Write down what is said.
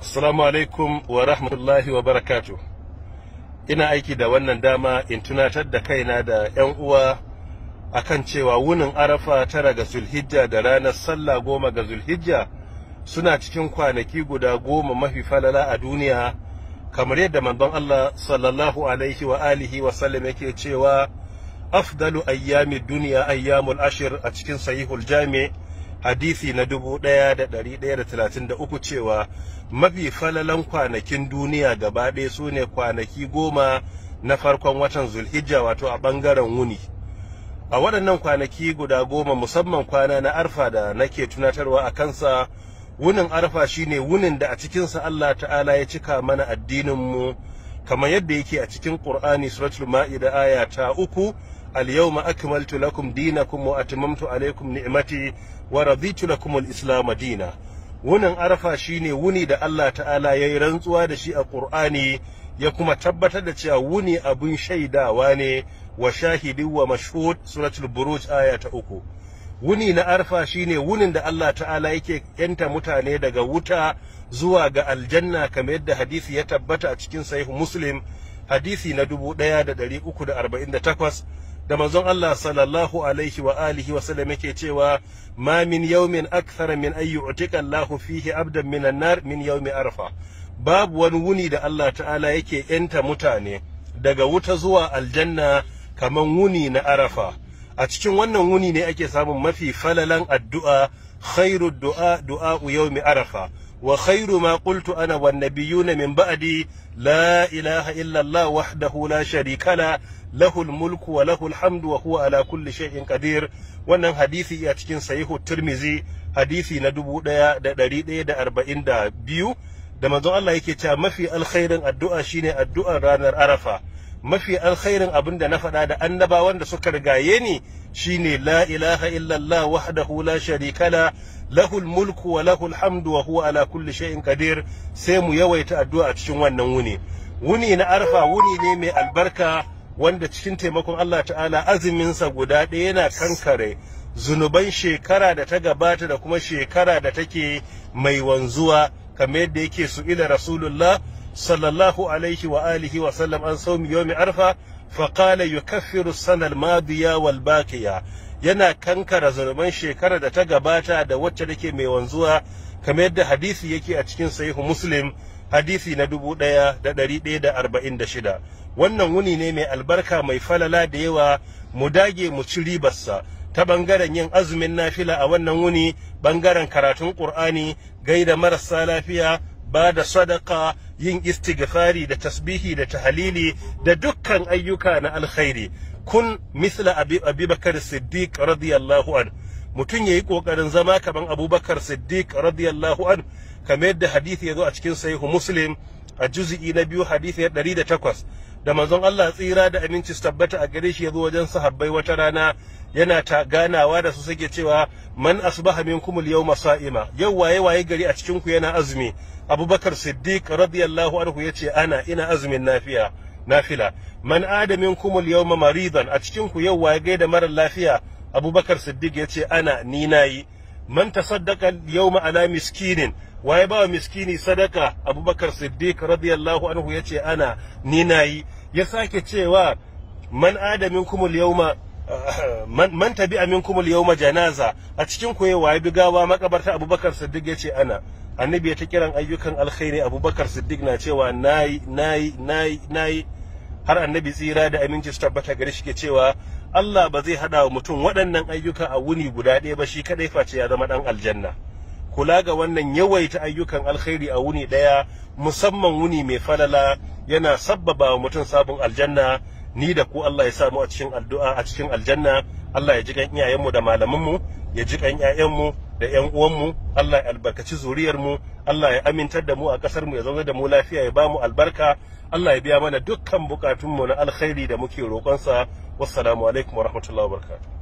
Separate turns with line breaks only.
Assalamu alaikum wa rahmatullahi wa barakatu. Ina aiki da wannan dama in tunatar da kaina da 'yan uwa akan cewa wunin arafa tara ga zulhijja da ranar sallah goma ga zulhijja suna cikin kwanaki guda goma mafi falala a duniya kamar yadda manzon Allah sallallahu alaihi wa alihi wa sallam yake cewa afdalu ayyami duniya ayyamul ashir a cikin sahihul jami' hadisi na dubu ɗaya ɗaya da da da ɗari talatin uku cewa mafi falalan kwanakin duniya gaba ɗaya su ne kwanaki goma na farkon watan zulhijja wato a ɓangaren wuni a waɗannan kwanaki guda goma musamman kwana na arfa da nake tunatarwa a kansa wunin arfa shine wunin da a cikinsa allah ta'ala ya cika mana addininmu kamar yadda yake a cikin ƙur'ani suratul ma'ida aya ta uku al-yawma akmaltu lakum dinakum wa atmamtu ni'mati wa raditu lakum islam dina wunin arafa shine wuni da Allah ta'ala yayi rantsuwa da shi a Qur'ani ya kuma tabbatar da cewa wuni abin shaidawa ne wa shahidin wa mashhud suratul buruj aya ta uku wuni na arfa shine wunin da Allah ta'ala yake yanta mutane daga wuta zuwa ga aljanna kamar yadda hadisi ya tabbata a cikin sahih muslim hadisi na 1348 da manzon Allah sallallahu alaihi wa alihi wa sallam yake cewa ma min yawmin akthara min ayyi utika Allahu fihi abdan minan nar min yawmi arfa babu wani wuni da Allah ta'ala yake yanta mutane daga wuta zuwa aljanna kaman wuni na arafa a cikin wannan wuni ne ake samun mafi falalan addu'a khairu du'a du'a yawmi arafa wa khairu ma qultu ana wan nabiyuna min ba'di la ilaha illa Allah wahdahu la sharika la lahul mulku wa lahul hamdu wa huwa ala kulli shay'in qadir wannan hadisi a cikin sahihu tirmizi hadisi na dubu ɗaya da ɗari ɗaya da arba'in da biyu da manzon Allah yake cewa mafi alkhairin addu'a shine addu'ar ranar arafa mafi alkhairin abin da na faɗa da annabawan da suka rigaye ni shine la ilaha illallah wahdahu la sharika la lahul mulku wa lahul hamdu wa huwa ala kulli shay'in qadir sai mu yawaita addu'a a cikin wannan wuni wuni na arfa wuni ne mai albarka wanda cikin taimakon Allah ta'ala azuminsa guda ɗaya yana kankare zunuban shekara da ta gabata da kuma shekara da take mai wanzuwa kamar yadda yake su ila rasulullah sallallahu alaihi wa alihi wa sallam an saumi yomi arfa qala yukaffiru sanar madiya wal baqiya yana kankara zunuban shekara da ta gabata da wacce take mai wanzuwa kamar yadda hadisi yake a cikin sahihu muslim hadisi na dubu ɗaya da ɗari ɗaya da arba'in da shida wannan wuni ne mai albarka mai falala da yawa mu dage mu ci ribarsa ta bangaren yin azumin nafila a wannan wuni bangaren karatun ƙur'ani gaida marasa lafiya ba da sadaka yin istighfari da tasbihi da tahalili da dukkan ayyuka na alkhairi kun misla abubakar siddiq radiyallahu an mutum ya yi ƙoƙarin zama kaman abubakar siddiq radiyallahu an kamar yadda hadisi ya zo a cikin sahihu muslim a juzi'i na biyu hadisi ya ɗari da takwas da manzon Allah tsira da aminci su tabbata a gare shi ya zo wajen sahabbai wata rana yana ta ganawa da su suke cewa man asbaha minkum al-yawma sa'ima yau waye waye gari a cikin ku yana azumi Abubakar Siddiq radiyallahu anhu yace ana ina azumin nafiya nafila man adamin kumul yawma maridan a cikin ku yau waye da mara lafiya Abubakar Siddiq yace ana ni nayi man tasaddaqa yawma ala miskinin waye ba miskini sadaka abubakar siddiq radiyallahu anhu yace ana ni nayi ya sake cewa man adamin kumul yawma man, man yawma janaza a cikin ku waye bigawa makabarta abubakar siddiq yace ana annabi ya ta kiran ayyukan alkhairi abubakar siddiq na cewa nayi nayi nayi nayi har annabi tsira da aminci su tabbata gari shi ke cewa Allah ba zai hada wa mutum waɗannan ayyuka a wuni guda ɗaya ba shi kadai face ya zama ɗan aljanna kula ga wannan yawaita ayyukan alkhairi a wuni ɗaya musamman wuni mai falala yana sabbaba wa mutum sabon aljanna ni da ku Allah ya samu a cikin addu'a a cikin aljanna Allah ya ji kan iyayenmu da malamanmu ya ji kan iyayenmu da ƴan uwanmu Allah ya albarkaci zuriyarmu Allah ya amintar da mu a ƙasar mu ya zauna da mu lafiya ya ba mu albarka Allah ya biya mana dukkan bukatunmu na alkhairi da muke roƙonsa wassalamu alaikum wa rahmatullahi